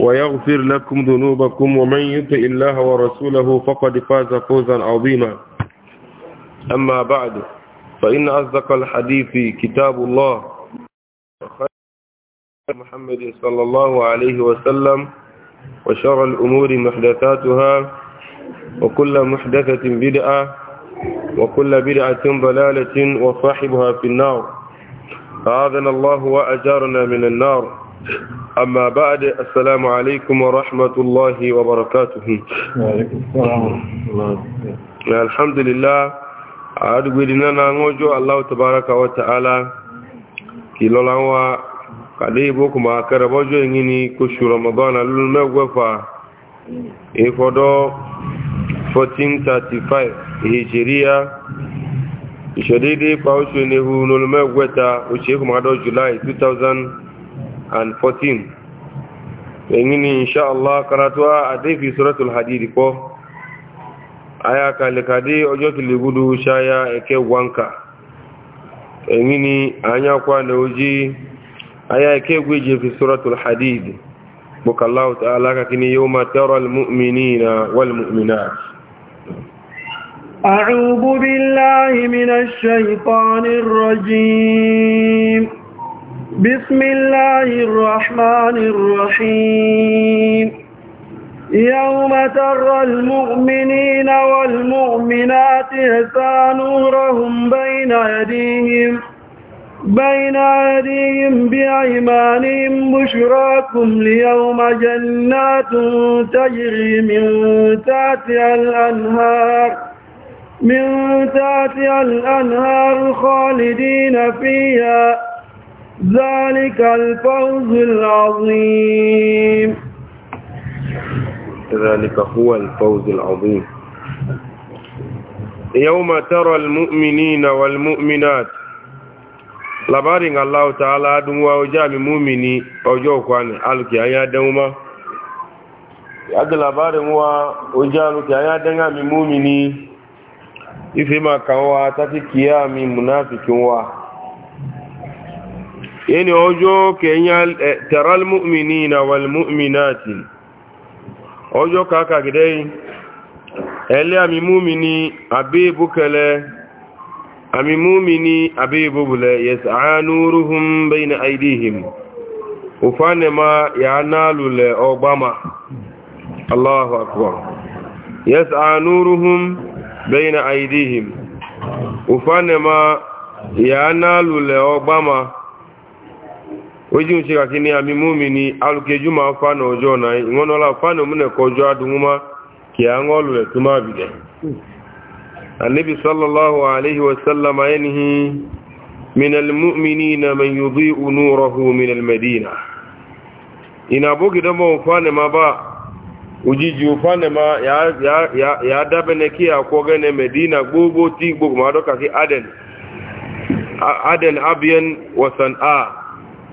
ويغفر لكم ذنوبكم ومن يطع الله ورسوله فقد فاز فوزا عظيما أما بعد فإن أصدق الحديث كتاب الله محمد صلى الله عليه وسلم وشر الأمور محدثاتها وكل محدثة بدعة وكل بدعة ضلالة وصاحبها في النار أعاذنا الله وأجارنا من النار أما بعد السلام عليكم ورحمة الله وبركاته الحمد لله أدعو لنا نوجو الله تبارك وتعالى كي لولاوا كديبوكما كربوجو ينيني كشو رمضان للمغوفا إفضو 1435 هجرية إشديدي فاوشو نهو نلمغوتا وشيكم عدو جولاي 2000 and 14 yangini insha Allah karatuwa a daifi suratul hadidi ko aya kalikade ojo kiligudu shaya eke wanka yangini anya kwa na oji aya eke gweje fi suratul hadidi buka Allah ta'ala kakini yawma tara almu'minina walmu'minat أعوذ بالله من الشيطان الرجيم بسم الله الرحمن الرحيم يوم ترى المؤمنين والمؤمنات يسعى نورهم بين يديهم بين أيديهم بأيمانهم بشراكم ليوم جنات تجري من تحتها الأنهار من تحتها الأنهار خالدين فيها ذلك الفوز العظيم ذلك هو الفوز العظيم يوم ترى المؤمنين والمؤمنات labarin Allah ta'ala dun wa jami mumini ojo kwani alki aya danuma yadda labarin wa ojalu ki aya danga mi mumini ife ma kan wa ta wa yẹni ọjọ́ kẹyà tẹ̀rọl mú'mìnì na walmú'mìnàtì ọjọ́ kàkà gidẹ́ ẹlẹ́ àmì mú'mìnì àbíbùkẹlẹ àmì mú'mìnì àbíbùbùlẹ yẹsàánúrúhun bẹ́yìn àìdíhìm òfánẹ̀má yà nálùlẹ̀ ọgbámà allahu akbar yẹsàánúrúhun bẹ́yìn àìdíhìm òfánẹ̀má yà nálùlẹ̀ ọgbámà ojú ṣe kàkí ní àmì múmi ni alùkejú máa fánà ọjọ́ ọ̀nà ìwọ́n ọlá fánà múnẹ̀ kọjọ́ adúnmọ́ kí a ń ọlù rẹ̀ tó máa bìdẹ̀. annabi sallallahu alaihi wasallam ayanihi minal mu'mini na man yubi unurahu minal madina ina bogi da mawon fánà ma ba ojiji fánà ya dábẹ̀nẹ̀ kí a kọ madina gbogbo tí gbogbo ma dọ́ka sí aden abiyan wasan'a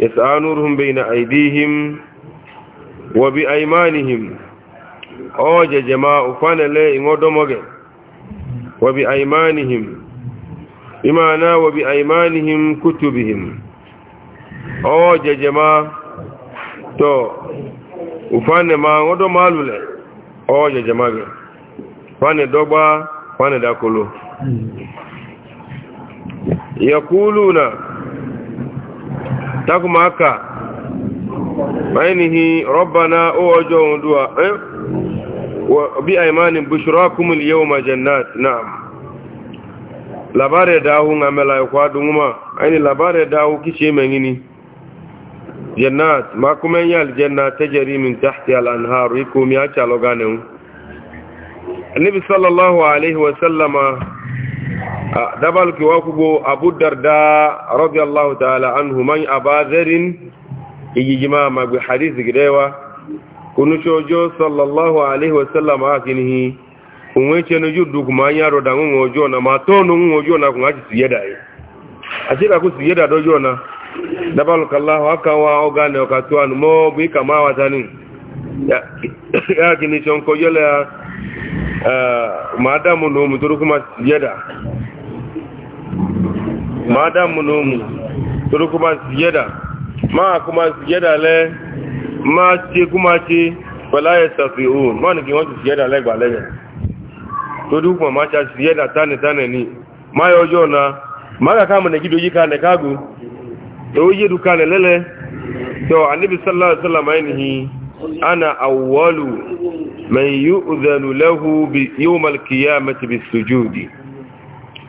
يسعى بين أيديهم وبأيمانهم أوجى جماعة فانا لا إمودمغ وبأيمانهم إمانا وبأيمانهم كتبهم أوجى جماعة تو وفان ما غدو مالو لا أوجى جماعة فان دوبا فانا داكلو يقولون takuma aka bayanihi rabbana o ojo ohun duwa eh bi aimanin bushrakum al-yawma jannat na'am labare dawo ngamela kwa dunguma aini labare dawo kiche mengini jannat ma kuma yal jannat tajri min tahti al-anhar ikum ya chalogane annabi sallallahu alaihi wa dabal ki wa kugo abu darda radiyallahu ta'ala anhu man abazarin ijijima magbi hadith gidewa kunu shojo sallallahu alaihi wasallam akinihi unwe chenu judu kuma yaro da ngun ojo na matonu ngun ojo na kunga ci yeda e asira ku yeda dojo na dabal kallahu akawa ogane okatuan mo bi kama watani ya ya kini chonko yele uh, eh, maadamu no muturu ma damu nomu toro kuma sujada ma kuma sujada le ma ce kuma ce fala ya safi o ma ni ki won sujada le gba le to du kuma ma cha sujada tane tane ni ma yo jona ma ka kama ne gido yika ne kagu to yi du kale lele to annabi sallallahu alaihi wasallam ainihi ana awwalu man yu'dhanu lahu bi yawm al-qiyamati bis-sujudi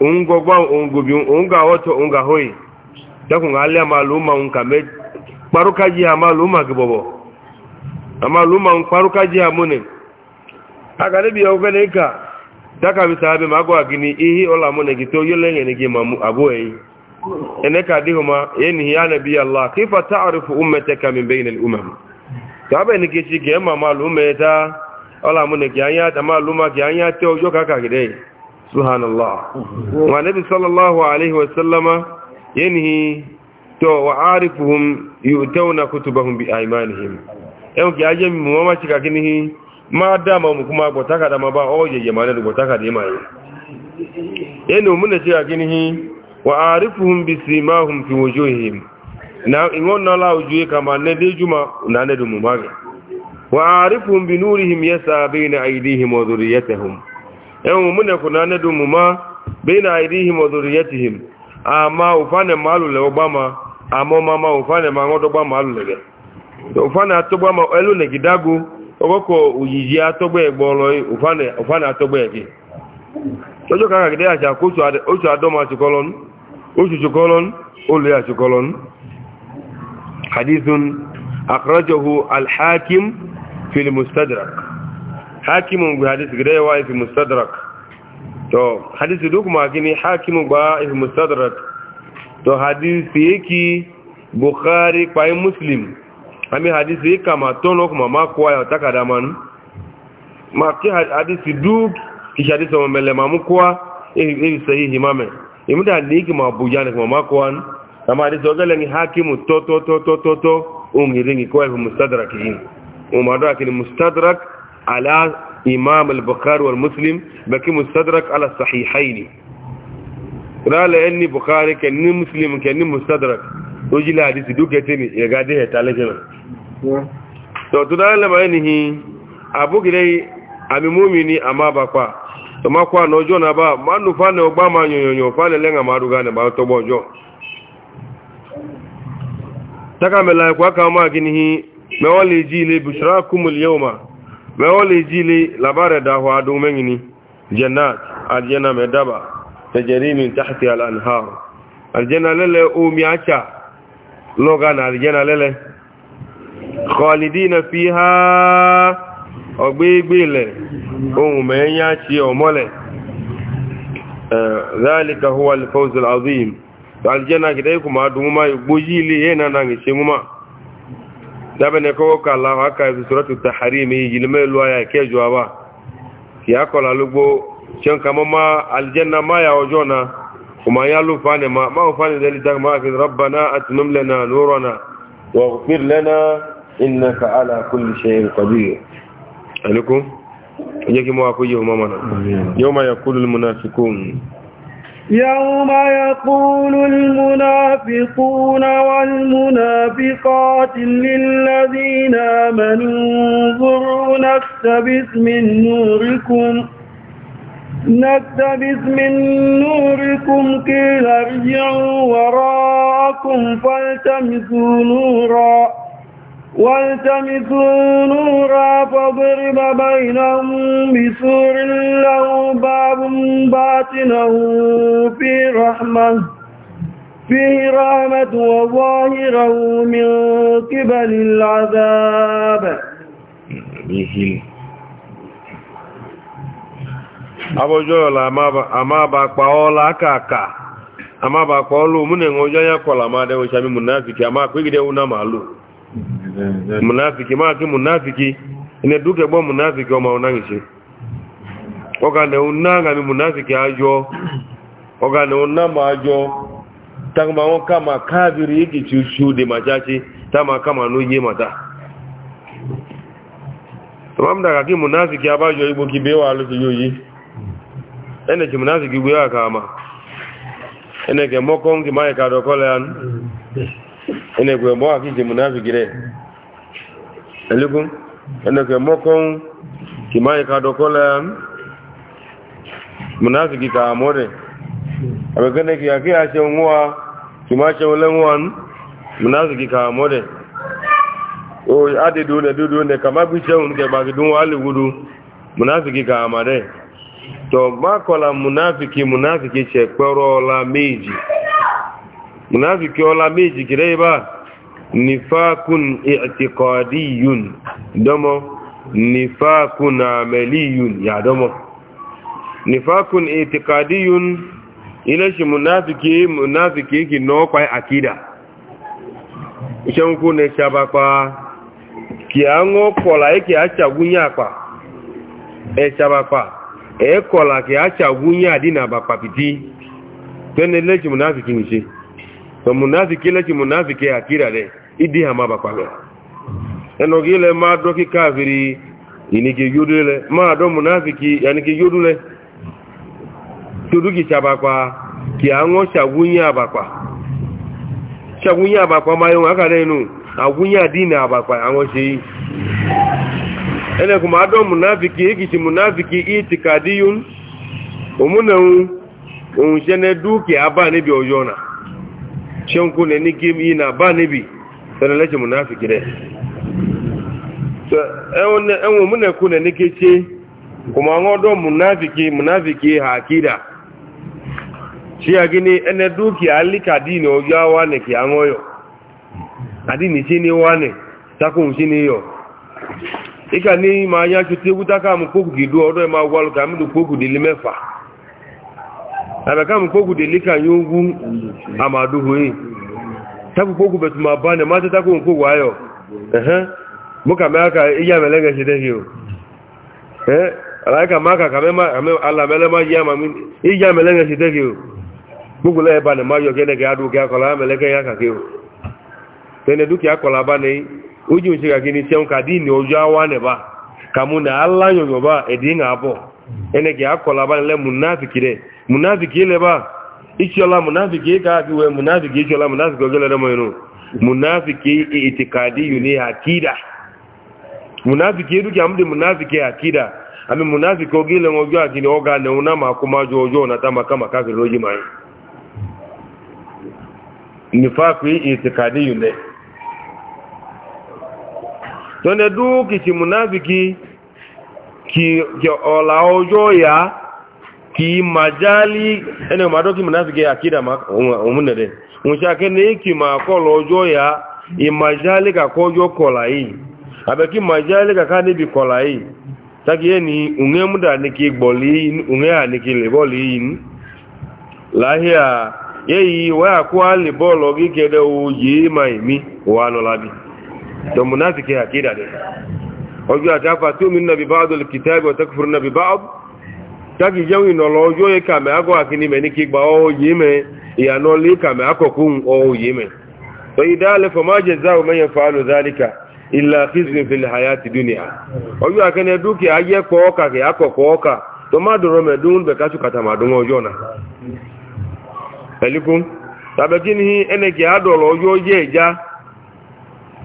ungo gwa ungo bi unga woto unga hoyi dako ngale maluma unka me paruka ji amaluma gibobo amaluma un paruka ji amune agale ogene ka daka mago agini ihi ola mune gito eneka dihuma yeni ya nabi allah kifa ta'rifu ummataka min bain al-umam sabe ni kichi ke mamaluma ta ola mune anya ta maluma anya te ojo kaka gidei subhanallah mm-hmm. wa nabi sallallahu alaihi wa sallama yanhi to wa arifuhum yu'tawna kutubahum bi aymanihim en ki aje mi mama chika kinihi ma dama mu kuma gota ka dama ba oje je mana gota ka dama yi yenu mun ne chika kinihi wa arifuhum bi simahum fi wujuhihim na ingon na la ujue kama ne de juma na ne du mu mage wa arifuhum bi nurihim yasa bayna aydihim wa dhurriyyatihim ẹ̀wọ̀n mú nẹ̀kùn náà nẹ́dùn mú má bẹ́ẹ̀ náà ìdí ìhìm ọ̀dọ̀rọ̀ yẹ́ ti hìm ma òfánẹ̀ máa lùlẹ̀ ọgbà ma ma máa òfánẹ̀ máa wọ́n dọ́gbà máa lùlẹ̀ òfánẹ̀ atọ́gbà ma ẹlò òyìyí atọ́gbà ẹ̀gbọ́ alhakim hakimun gba hadisi gida yawa ifi mustadrak to hadisi duk makini hakimun gba ifi mustadrak to hadisi yake bukhari kwayi muslim ami hadisi yake kama tono kuma makuwa ya takada man maki hadisi duk kishi hadisi wa mele mamukuwa ifi sahihi mame imuda hadisi ma bujani kuma makuwa kama hadisi ogele ni hakimu to to to to to to ungiringi kwa ifi mustadrak hii umadoa kini mustadrak على إمام البخاري والمسلم بكي مستدرك على الصحيحين قال أني بخاري كأني مسلم كأني مستدرك وجل حديث دوكتني يقاده تالجنا to tudan lama yanihi abu gidai ami mumini amma ba kwa to ma kwa no jona ba ma nu fa ne ogba ma yonyo fa le lenga ma ruga ne ba to bojo taka mela kwa ka ma ginihi me wali ji le bushrakum al yawma weo le jili labare da ho adu mengini jannat aljanna medaba tajri min tahti al anhar aljanna lele o miacha logan aljanna lele khalidina fiha ogbegbele ohun meya chi omole dhalika eh, huwa al fawz al azim aljanna kidai kuma adu dabene ko ka allah aka bi suratu tahrimi yilme luwa ya ke juwa ki akola lugbo chen kama ma aljanna ma ya ojona kuma ya lu fane ma ma fane da litan ma fi rabbana atmim lana nurana waghfir lana innaka ala kulli shay'in qadir alaikum yake mu akuyi mama na yawma yaqulu al munafiqun يوم يقول المنافقون والمنافقات للذين آمنوا انظروا نكتبس من نوركم نكتبس من نوركم قيل ارجعوا وراءكم فالتمسوا نورا والتمسوا نورا فضرب بينهم بسور له باب باطنه في رحمة فيه رحمة وظاهره من قبل العذاب abụjọla amabakpa ọla aka aka amabakpa ọla omume ụjọ ya kwala ma adịghị ụcha mimunafiki ama akpegide wụ munafiki maaki munafiki ine duke bo munafiki o maunangishe ogane unanga mi munafiki ajo ogane unama ajo tagma on kama kaviri iki chuchude machachi tama kama nuje mata tamamda kaki munafiki abajo ibo kibewa alu yoyi ene chi munafiki gwe akama ene ke mokongi mai kadokole an ene gwe mo aki je munafi gire elugun ene gwe mo kon ki mai ka do kola munafi ki ka amore abe gane ki aki a se nwa ki ma se wala nwan munafi ki ka amore o ade do ne do do ne kama bi se un ke ba ki dun wali wudu munafi ki ka amare to ba kola munafi ki munafi ki se munafiki ọla méjì kìrẹ́ nifakun i'tiqadiyun dọ́mọ nifakun amaliyun ya dọ́mọ nifakun i'tiqadiyun ilẹ̀ ṣe munafiki munafiki kì náà akida kì á ń kọ̀lá kì á ṣàgúnyà pa ẹ ṣabapa ẹ kọ̀lá kì á ṣàgúnyà munafiki to munafiki le ki munafiki akira le idi ha mabakwa le eno gile ma do ki kafiri ini ki yudule ma do munafiki yani ki yudule tuduki chabakwa ki anwo shagunya abakwa shagunya abakwa mayo aka lenu agunya dini abakwa anwo shi ene kuma do munafiki ikichi munafiki itikadiyun omunewu ohun ṣe ne dúkìá bá níbi ọ̀yọ́ náà ṣẹ́nkú lẹ ní yi na náà bá níbi tẹ́lẹ̀ lẹ́ṣẹ̀ mùnáfìkì rẹ̀ ẹwọ̀n múnẹ̀kú lẹ ní munafiki kò máa wọ́n dọ́ mùnáfìkì mùnáfìkì àkídà ṣí agíní ẹnẹ dúkìá líkàdínì ọjọ́ wà ní kì àwọn ọyọ̀ abaka mu kogu de lika yungu amadu hui tabu kogu betu mabane mata taku kogu ayo ehe muka maka iya melenga shide hiyo eh alaika maka kamema ala melema yama min iya melenga shide hiyo mugu le bane mayo gene ga adu ga kola meleke ya ka hiyo tene duki akola bane uju nshika gini tion kadini ojo awane ba kamuna alla yoyoba edinga abo eneke akọla abalị munafiki munafiki ileba ichiola munafiki ka aki wee munafiki ichiola munafiki ogelere mọnụ munafiki itikadi yuni akida munafiki eduki amdi munafiki akida ami munafiki ogele ngojo akini oga ne una makuma jojo na tama kama kafiri oji mai nifaku itikadi yune tone duki munafiki ki ọ̀la ọjọ́ ya ki majali ẹni ọmọdọ́ kí mọ̀ná sí kí àkídà òmúnẹ̀dẹ̀ òun ṣe akẹ́ kí ma kọ́lọ ọjọ́ ya ìmajali kàkọ́jọ́ kọ̀lá yìí àbẹ̀kí majali kàká níbi kọ̀lá yìí tàkí ẹni òun múdà ní kí gbọ̀lì òun à ní kí lèbọ́ọ̀lì yìí láhíà yẹ́yí wọ́n àkó á lèbọ́ọ̀lọ́ kíkẹ́dẹ́ òòyì ọjọ́ àti afàtíòmí nàbí bá ọdọ̀ kìtàbí ọ̀tẹ́kùfúrú nàbí bá ọdọ̀ tági jẹun ìnọ̀lọ ọjọ́ ìkàmẹ́ agọ́ àkíní mẹ́ ní kígbà ọwọ́ yìí mẹ́ ìyànà lé ìkàmẹ́ akọ̀kún ọwọ́ yìí mẹ́ tó ìdálẹ́ fọmájẹ̀ záwọ̀ mẹ́yẹn fàálù zálíkà ilẹ̀ fíìsìn fi hàyà ti dúnìá ọjọ́ àkẹ́nẹ́ dúkìá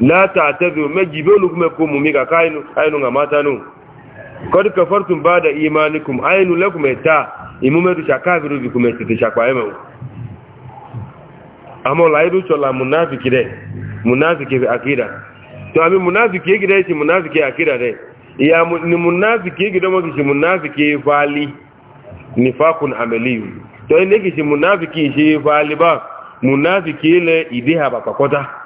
la ta'tadhiru majibulu kuma ko mumi ka kainu ainu ga mata nu kad kafartum ba'da imanikum ainu lakum ta imume du shakafiru bi kuma titi shakwaye mu amma laidu chola munafiki de munafiki akida to ami munafiki yake de shi munafiki akida de ya ni munafiki yake da maki shi munafiki fali nifakun amali to ne yake shi munafiki shi vali ba munafiki le idiha ba kakota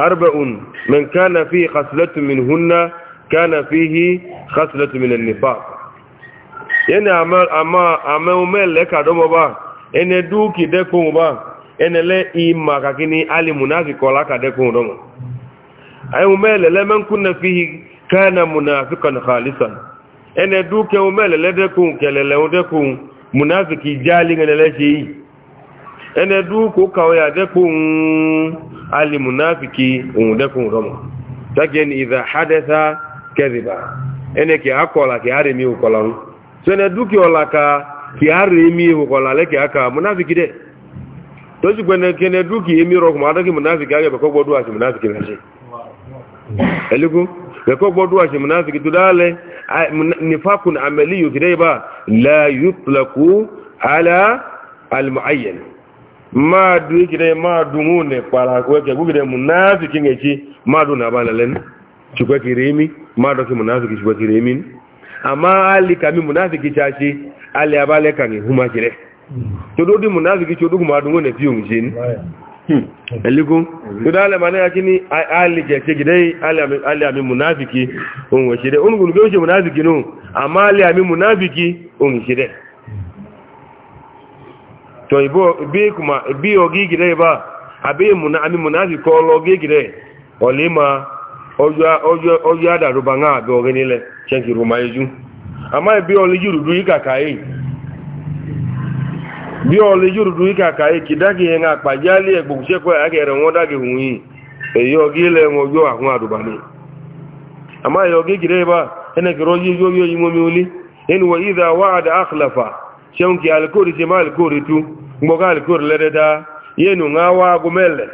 أربع من كان فيه خصلة منهن كان فيه خصلة من النفاق يعني أما أما أما أمال لك أدوم با إن دوكي دكم با إن لا إما كأني ألي منافق ولا كدكم دوم أي أمال لمن كنا فيه كان منافقا خالصا إن دوكي أمال لدكم كلا لدكم منافق جالين للا شيء إن دوكو كويا دكم ali munafiki ohun dẹ́kun rọmọ tọ́kì ni ìdá hadẹ́sá kẹ́zìbà ẹni kì á kọ̀ọ̀lá kì á rè mí òkọ̀lá ń sọ́nà dúkì ọ̀la ka kì á rè mí òkọ̀lá lẹ́kì munafiki dẹ́ tọ́jú gbẹ̀nẹ̀ kẹ́nẹ̀ dúkì èmi rọ̀ adọ́kì munafiki ma du ikide ma du ngune kpara kweke gugide munafiki ngechi ma du na balalen chukwe kirimi ma do ki munafiki chukwe kirimi ama ali kami munafiki chachi ali abale kangi huma kire todo di munafiki chodu ngune piu mjini hmm. eliku tudale mane akini ali ke kigide ali ami ali ami munafiki unwe shire ungu ngwe munafiki no amali ali ami munafiki unwe shire to ibo bi kuma bi ogi gire ba abi muna ami munafi ko lo ogi gire olima ojo ojo ojo adaru nga nile chenki ruma eju ama bi e. e, e, oli juru du ikaka yi bi ikaka yi kidagi yen apa jali egbu se ko agere won dagi eyi won ojo aduba ni wa idha ṣeun kí alkóòrì ṣe máa alkóòrì tú gbọ́gá alkóòrì lẹ́dẹ́dá yẹnu ń wá agomẹ́lẹ̀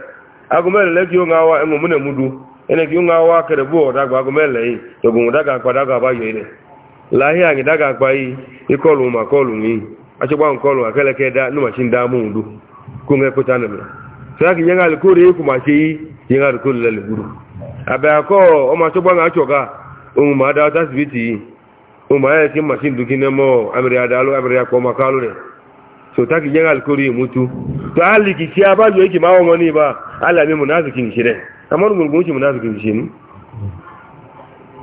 agomẹ́lẹ̀ lẹ́kí ó ń wá ẹ̀wọ̀n múnẹ̀ múdu ẹni kí ó ń wá kẹrẹ̀bú ọ̀dàgbà agomẹ́lẹ̀ yìí tògùn dága àpàdàgà àbáyọ ilẹ̀ láhí àyè dága àpá yìí ikọlù mà kọlù yìí aṣọ́gbà ń kọlù akẹ́lẹ́kẹ́ dá ní màṣí ń dá mú un dú kó ń ẹkọ́ tánà mìíràn sọ́yàkì yẹn alkóòrì yìí kò mà ṣe yìí yẹn alkóòrì lẹ́lẹ̀ gbúdù àbẹ̀ àkọ́ ọmọ aṣọ́gbà ń umaya ki machine du kine mo amri adalu amri ko makalu ne so taki jengal kuri mutu to ali ki ci aba yo ki mawo ngoni ba ala mi munafikin shire amon mun gunci munafikin shin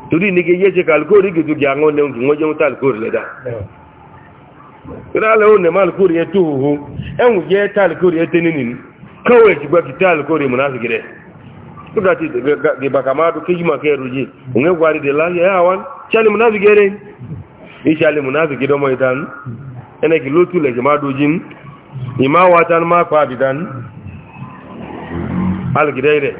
tudi ni ge yeje kal kuri gi du gyango ne ngi je mutal kuri le da kira le ne mal kuri etu hu en ge tal kuri etenini kawai ki gwa tal kuri munafikire kudati de bakamatu kijima keruji unge gwari de lahi ya eh, wan chali munafi gere ishali munafi kidomo itan ene ki lutu le jamadu jin ima watan ma kwa bidan al gidaire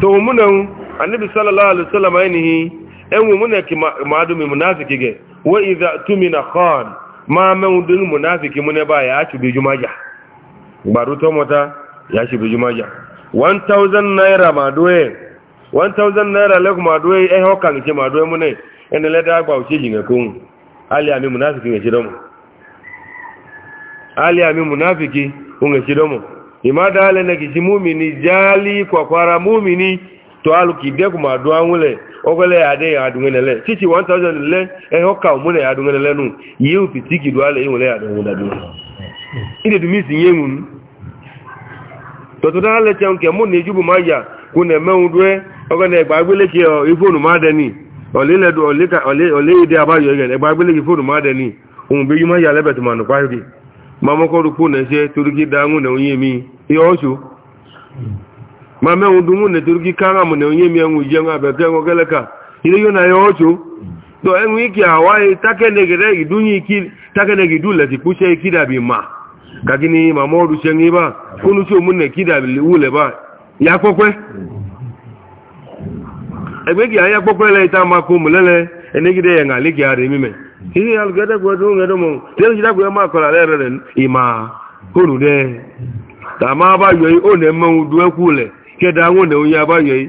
to munan annabi sallallahu alaihi wasallam ainihi en eh, mun ki madu mi munafiki ge wa idha tumina khan ma mawdun munafiki mun ba ya ci bi jumaja baru mota ya ci bi jumaja 1000 naira madoe 1000 naira lek madoe e eh, ho kan ke madoe mune ene le da gba uche jinga kun ali ami munafiki nge chidomo ali ami munafiki unge chidomo imada ale ne kiji mumini jali kwa kwara mumini to alu kide ku madoa nwule ogole ade ya adungenele chichi 1000 le e ho ka mune adungenele nu yi upitiki duale yi nwule adungenele ide dumisi yengun tọtụtụ leche nke mụ na ijubu maya kwu na-emenwu rue ogenegba agbeleke ifonu madeni oleghịdị abaghị ogen egba agbeleke ifonu madeni omube yi maya lebetụmanụ kwahiri ma mụkọrụkwu na eche turiki danwụ na emi na mụ na onye emi enwu ije nwa bekee na ya kagini mama ọrụ chie nge ebe a unu si omunne kidabili wule ebe a ya kpọkwe egbe anya kpọkwele ita maka ụmụlele enegide ya ngali gị ara emime ihe ya lụgede gwedo ngede mụ tere jide gwe ma akọrọ ala erere ima unu de ta ma abayọi duekwu ule keda anwụ na onye abayọi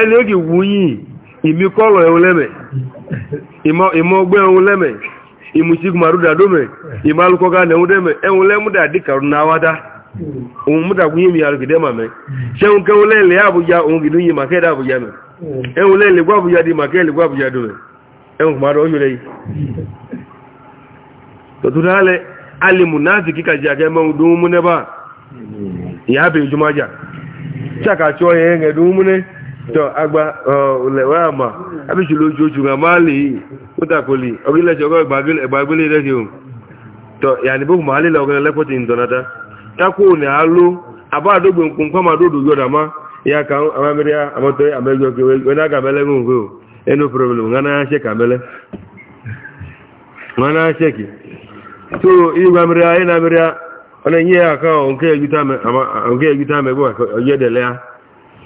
ele oge wu unyi imi kọlọ ya ìmọ̀ ogbe ohun lẹ́mẹ̀ ime alụkọ ga na enwudeme enwule mụda dịka na awada mụdakwunye m ya rụgide ma mee chenwuke nwule ele ya abụja onwugide unyi maka ede abụja mee gwa abụja maka ele abụja a ya bụ ejumaja tọ agba ọlẹwà àmà abíṣùlù oṣooṣù bụ máa lè kútàkùlì ọgílẹ̀ṣẹ̀ ọgọ́ ìgbàgbélé rẹ̀ṣẹ̀ ohun tọ ìyànibó máa lè lọ́gọ́rẹ̀ lẹ́pọ̀tì ìdọ̀nàta takò ní àálò àbáàdógbò nkúnkọ́màdódò yọ̀dà má ya ka amamiriya amọ́tọ́ amẹ́jọ́ kẹwẹ́ ẹnú pẹ̀lú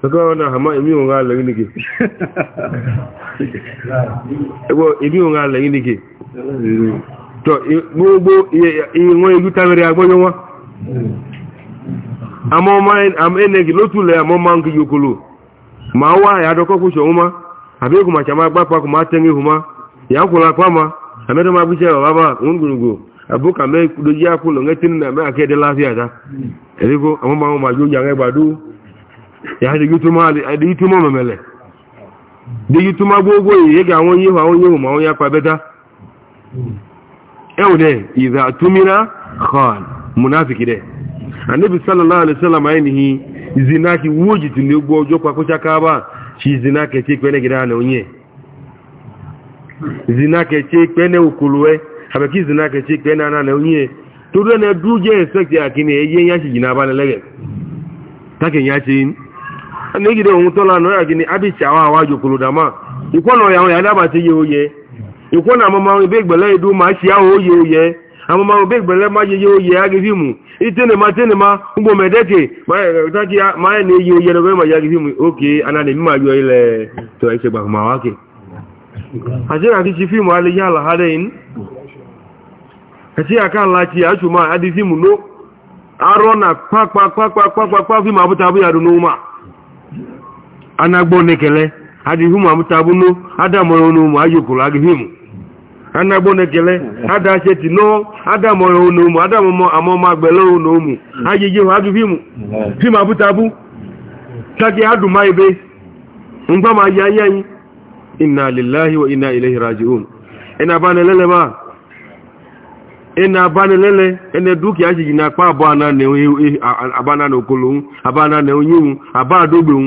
Sọ́kọ́ ọ̀nà àmá ìmí òun àlẹ̀ ìnìkè. Ẹgbọ́ ìmí òun àlẹ̀ ìnìkè. Tọ́ gbogbo ìwọ̀n ìlú tàbí agbọ́yọ́ wọn. Àmọ́ ọmọ ẹnẹ́gì ló túlẹ̀ àmọ́ máa ń kí yòkòlò. Màá wá àyàdọ́kọ́ kó ṣọ̀hún má. Àbí èkó màṣà máa gbápa kò máa tẹ́ngé hù má. Ìyá kò lápá má. Àmẹ́tọ́ máa gbéṣẹ́ bàbá bá òun gbòǹgbò. Àbúkà mẹ́ dojú àpò lọ́ngẹ́ tí ya dịgịtụma omemele dịgịtụma gwa ogwo oyi ya ga-anwụ onye ihu onye ihu ma onye akpabeta eude iza tumira khan munafiki de anabi sallallahu alaihi wasallam ainihi zinaki wuji tuni ogwo ojo kwa kucha kaba chi zinake ti kwene onye kwene ukuluwe kwene onye na duje kini eye jina ba lege take nígide egide onwe tọla anụ ya gịnị abịcha awa awa jụkwuru dama ikwo na ọya ya dabata ya oye ikwo na amụmanwụ ebe ma chi ahụ oye oye amụmanwụ ma ye ya oye agịghị mụ itenema tenema ma na-eyi ma ya gịghị mụ oke anana emi ma yụọ ile ana nekele adịghị ụmụ amụta bụ no adamọrọ n'ụmụ ayọkwuru agịghị mụ anagbo nekele adacheti no adamọrọ n'ụmụ adamọmọ amọma gbele n'ụmụ ayịghị hụ agịghị mụ fim abụta bụ kake adụma ibe mgba ma ya anyị inna lillahi wa inna ilaihi raji'un ina ba ne lele ma ina ba ne lele ene dukiya ji na pa abana ne e, e, abana ne okolun abana ne onyun aba adogbeun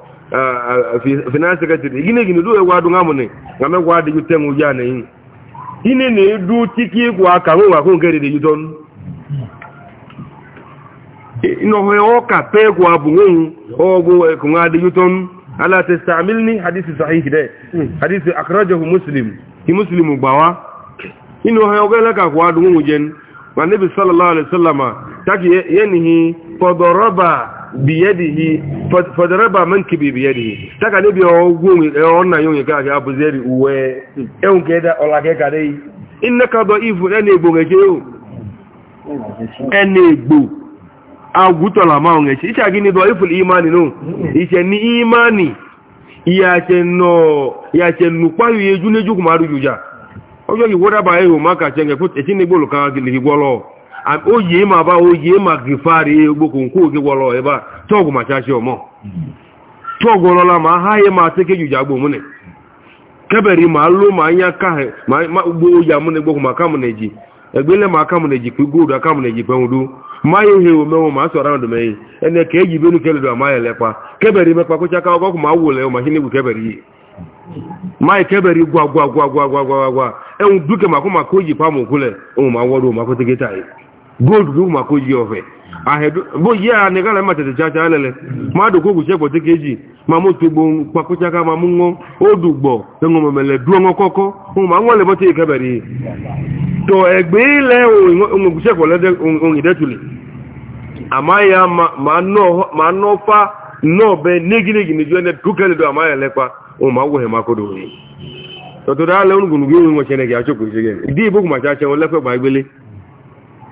finance secretary gine gine du ewa dunga mune ngame kwa de yute ngu ya ne yin ine ne du tiki kwa ka wa ko ngere de yuton ino ho o ka pe kwa bu ngu o go e ko ngade yuton ala tastamilni hadith sahih de hadith akhrajahu muslim ki muslim gbawa ino ho ga la ka kwa du ngu jen wa nabi sallallahu alaihi wasallama taki yenihi fadaraba biyadihi fadaraba bi biyadihi taka ne bi ogun e onna yonye ka ga buzeri uwe ehun ke da ola ke kare innaka dhaifu ene egbo ngeje o la ma gini imani no ni imani iya no iya nu ojo ki ba e o ma e ka se nge ko eti oye ma ba oye ma gifari gboko nkwo oge gwọrọ ebe a tọgụ ma chachi ọmọ tọgụ ọlọla ma ha ihe ma teke juji agbo mune kebere ma lụ ma anya kahe ma ugbo oyi amụna gboko ma kamụ na-eji egbele ma kamụ na-eji kwa igoodo aka mụ na-eji penwudu ma ya ihe omenwu ma asụ raụndụ mee ene ka eji benu keledo ama ya elekpa kebere imekpa kụcha ka ọgọkụ ma awụle ma hin egwu kebere iyi ma ekebere gwa gwa gwa gwa gwa gwa gwa enwu duke ma kwụ maka o ji pa ma okwule ụmụ ma nwọrụ ma kwụtegịta ya gold gị ụmụ aka oji ofe bụ a na ịgala ya chacha alele mmadụ kogwu chekwata ma m ma m ṅụọ odu ugbo enwomemele duo ṅụkọkọ ụma nwa lebọta ekebere ihe to egbe ile ya ma nọfa nọọbe n'eginegi na juene kukeledo amaghị elekwa ụma gwụghị makodo oyi dị lekwe gba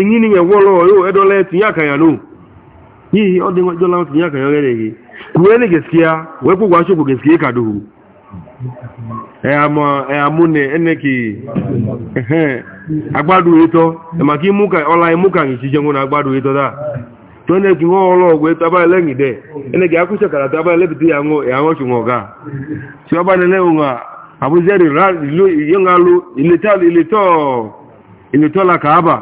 enyi ni yẹn wọlọ yóò ẹdọ lẹ tìyà kàyà ló yìí ọdún ọjọ láwọn tìyà kàyà rẹ yìí kúrẹ́ ní gẹ̀sìkíà wẹ́pù wá ṣòkò gẹ̀sìkí kàdó ẹ̀yà múnẹ̀ ẹnẹ́kì agbádù ètọ́ ẹ̀mà kí ọlá imúkà ìṣí jẹun ní agbádù ètọ́ dáa tó ẹnẹ́kì wọ́n ọlọ́ọ̀gbẹ́ tábà lẹ́yìn dẹ̀ ẹnẹ́kì akúṣẹ̀ kàrà tábà lẹ́bìtì àwọn ṣùgbọ́n ọ̀gá tí wọ́n bá nílẹ̀ òun àbúzẹ́rì rá kàábà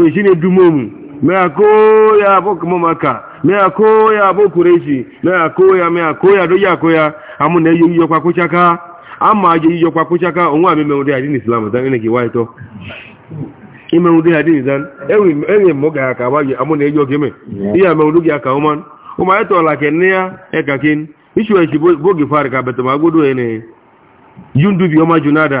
ko ne dumomu mea koya abokan mamaka mai koya abokan shi ya koya mea koya ya koya amu na yi yọkwa kúchaka a ma yi kwa kúchaka kwa wà mímẹ̀ aka wáyé amú na iya aka o ma ẹ̀tọ́ ọ̀làkẹ́ ní ẹka kí iṣu ẹ̀ṣì bógi fàríkà bẹ̀tẹ̀mà gbódò ẹni yúndùbí ọmọ jùnádà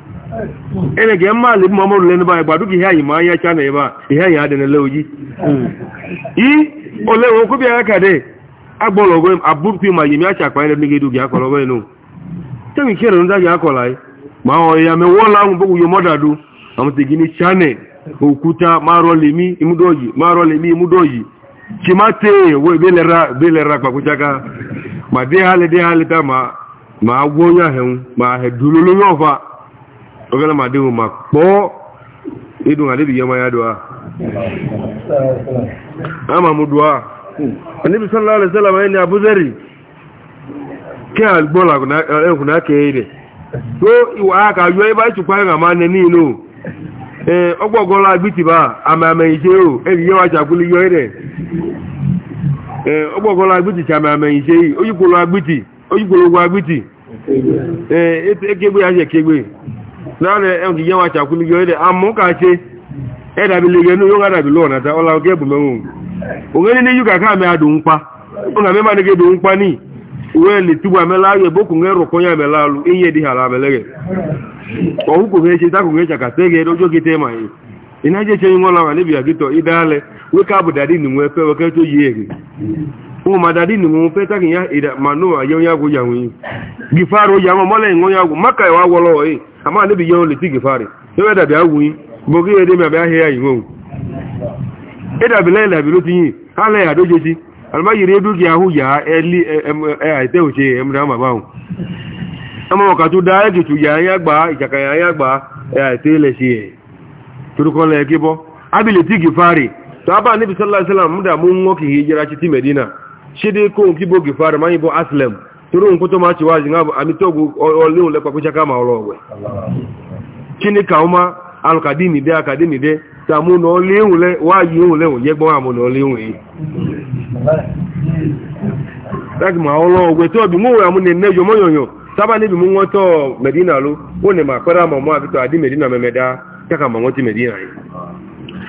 ene ge mali mma mo le nba igba duki hayi ma anya cha na iba ihe anya i ole wo ko ka aka de agbolo go abupi ma yimi te mi kere nda ya akola ma o ya me la ngbo yo modadu am te gini chane okuta maro lemi imudoji maro lemi imudoji chimate wo belera belera pa kuchaka ma de ma ma ma ogala ma dịghị ma kpọọ ịdụ nga dịbi yema ya dụa ama mụ dụa anibi sallallahu alaihi wasallam ayni abu zari eh, eh, ke agbola na ehun na ke ire so iwa aka ka e ba chukwa nga ma ne ni no eh ogbogola agbiti ba ama ama ije o e ye wa chakuli yo ire eh ogbogola agbiti cha ama ama ije yi oyikwolo agbiti oyikwolo gwa agbiti eh ekegbe ya je kegbe naanị nke nye nwacha akwụli gị ede amụ ka che edabili gị enu yonga dabili ọnata ọla oke bụ menwu onye ni uwe li tubu amela ayọ ebe okwu nge rụkọ ya amela alụ inye dị hala amele gị ọhụ kụ gị cheta kụ gị chaka te gị ojo gị ma gị ị na-eje chenye nwa ya gị tọ ide alị dadi na nwe weke to yi ụmụ madadi mo ụmụ mfe taghị ya ịda wa nụwa ya onye ya nwunye gifarụ ya ma mọla enwe onye agwụ maka ya a ọyị ama na ebighị oleti gifarụ ewe dabi agwụ bụ gị ede ma bịa ahịa ya iwu ịdabila ịdabila otu yi ha na ya adojechi alama yiri edu ahụ ya eli ete oche emere ama gbanwụ ama maka tụ daa ejitu ya ya gbaa ịchaka ya anya gbaa ya ya aba sallallahu alaihi wasallam da hijira chidiko nke igbo gifar manye bụ aslem tụrụ nkwụtụ ma chiwaji nga bụ amitogwu ole ole kpakpụchaka ma ọlụ ọgwe chineke ụma alụkadinide akadinide ta mụ na ole nwule wayi nwule nwunye gbanwe amụ na ole nwee tagi ma ọlụ ọgwe tí obi nwunwe amụ na-ene yo monyonyo taba n'ebi m nweta medina lụ wone ma akpara ma mụ abịtọ adị medina memeda kaka ma nweta medina anyị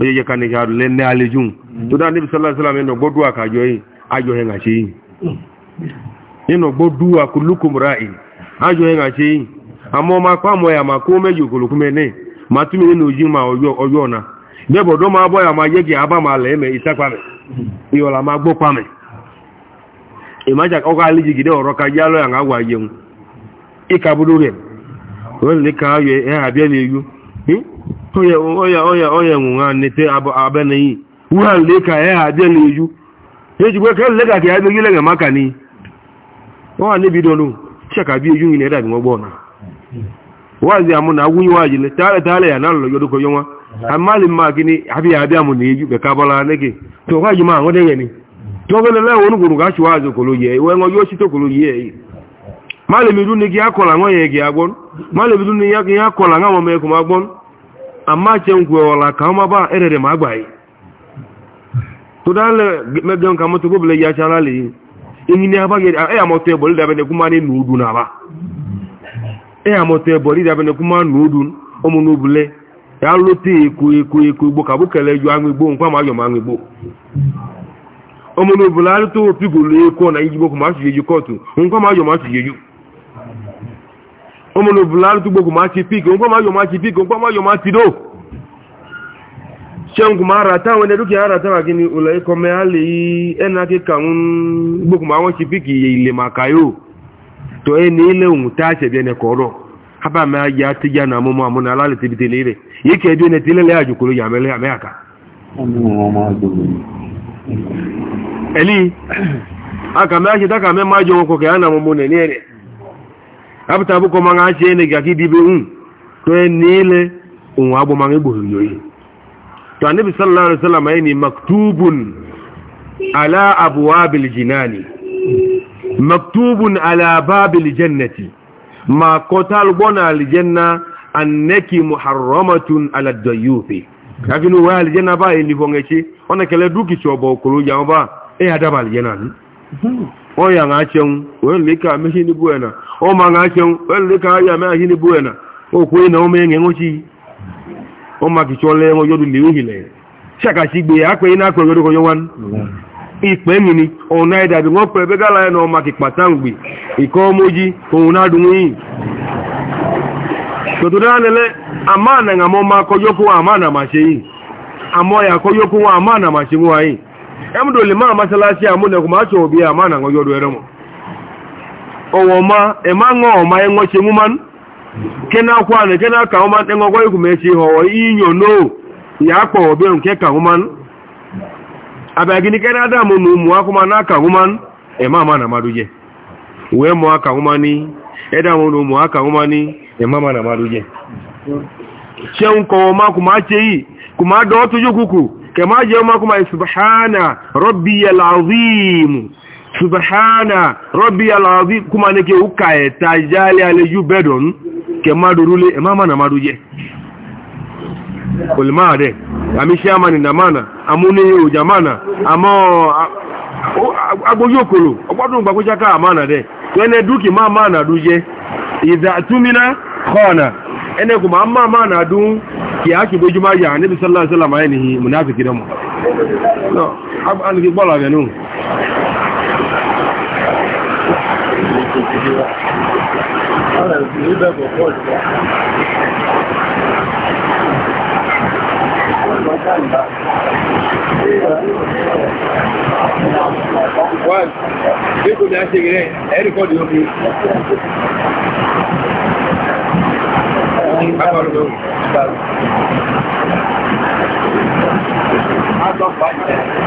oyeje ka nìkan lẹ ní alejò tó dá níbi sọlá sọlá mi nà gbọdọ àkàjọ yìí ajọ yẹn àṣẹ yìí nínú gbọdọ àkùlùkùmùrà yìí ajọ yẹn àṣẹ yìí àmọ ọmọ akọ àmọ ẹyà máa kó méjì òkòlùkù mẹ ní màá tún mi nínú ojú máa ọyọ ọ̀nà bẹ́ẹ̀ bọ̀dọ́ máa bọ́ ẹ̀yà máa yẹ kí oya oya oya nwụnwa nete abịa na iyi wuha le ka ya ha adị n'iju ka lega ka ya dogile ga maka ni wa ne bidonu cheka bi eju ni da bi wogbo na wazi amu na ya na lo yodo ko yonwa amali ma gini abi abi amu eju be ka bola to ma to le guru ga ko lo ye yo to ko lo ye male mi du gi akola agbon amma cen gwewola ka ma ba erere ma agbaye to da le megan ka mutu gobele ya chala le yin ni aba ge e amoto ebori da bene kuma ni nudu na ba e amoto ebori dabe na kuma nudu omu nubule ya lote eku eku eku igbo ka bukele ju nkwa ma ma anwigbo omu nubule aluto opigolo na kuma yeju kotu nkwa ma ma ọmọ ló bùlá tó gbogbo máa ti píkì òǹkọ́ máa yọ máa ti píkì òǹkọ́ máa yọ máa ti dó ṣẹ́ǹkù máa rà táwọn ẹni dúkìá rà táwọn akíní ọ̀là ikọ̀ mẹ́àlè ẹ̀nà kíkà ń gbogbo máa wọ́n ti píkì ilẹ̀ màkàyò tó ẹ ní òun tá ẹni máa ya tíjà náà mọ́mọ́ àmúna alálẹ̀ rẹ̀ yìí kẹ́ abụta bụ kọma ga achị ene gaki dibe un to niile onwe agbo ma egboghị yoyi to anabi sallallahu alaihi wasallam ayni maktubun ala abwabil jinani maktubun ala babil jannati ma kotal bona aljanna annaki muharramatun ala dayufi kafinu wa aljanna ba ili fongechi ona kele duki chobo kulu jamba e adaba aljanna oya nga chenwu wele ka mechi buena ya me ahi ni buena o kwe na o me nge ngochi o ma ki chole ngo yodu li uhile chaka sigbe ya kwe na kwe yodu ko yowan ipe mi bi ngo pe be gala na o ma ki patangbi iko moji ohun na dun yi to lele amana ma amana ma se yi amoya amana ma se emdoli ma amasịlasị a mụ na ekwuma achọ obi ya ma na ṅụjọdụ ere m owoma ema ṅụọ ma enwechi mụmanụ kena akwa na kena ka ụma enwekwa ikwu ma echi họọ inyo no ya akpọ obi nke ka ụmanụ abịagịnị kena ada m na ụmụ akwụma na aka ụmanụ ema ama na amaduje wee mụọ aka ụmanụ ẹ̀dá wọn ló mọ̀ áka wọ́n má ní ẹ̀mọ́mà nà má ló jẹ́ ṣeun kọ̀wọ̀ má kò má ṣe yìí kò má كما جاء معكم سبحان ربي العظيم subhana rabbi alazim kuma nake uka e tajali aleju bedon ke madurule e mama na maduje kulmade amishamani na mana amune o jamana amo agboyokolo ogbadun gbagoja ka amana de kene duki mama na duje idha tumina khana ene kuma amma ma na dun ki aki be juma ya nabi sallallahu alaihi wasallam ayini munafiki da mu no ab an ki bola ganu Wọ́n, bí kò ní a ṣe gẹ̀rẹ́, ẹ̀rí kọ́ di omi. Thank you.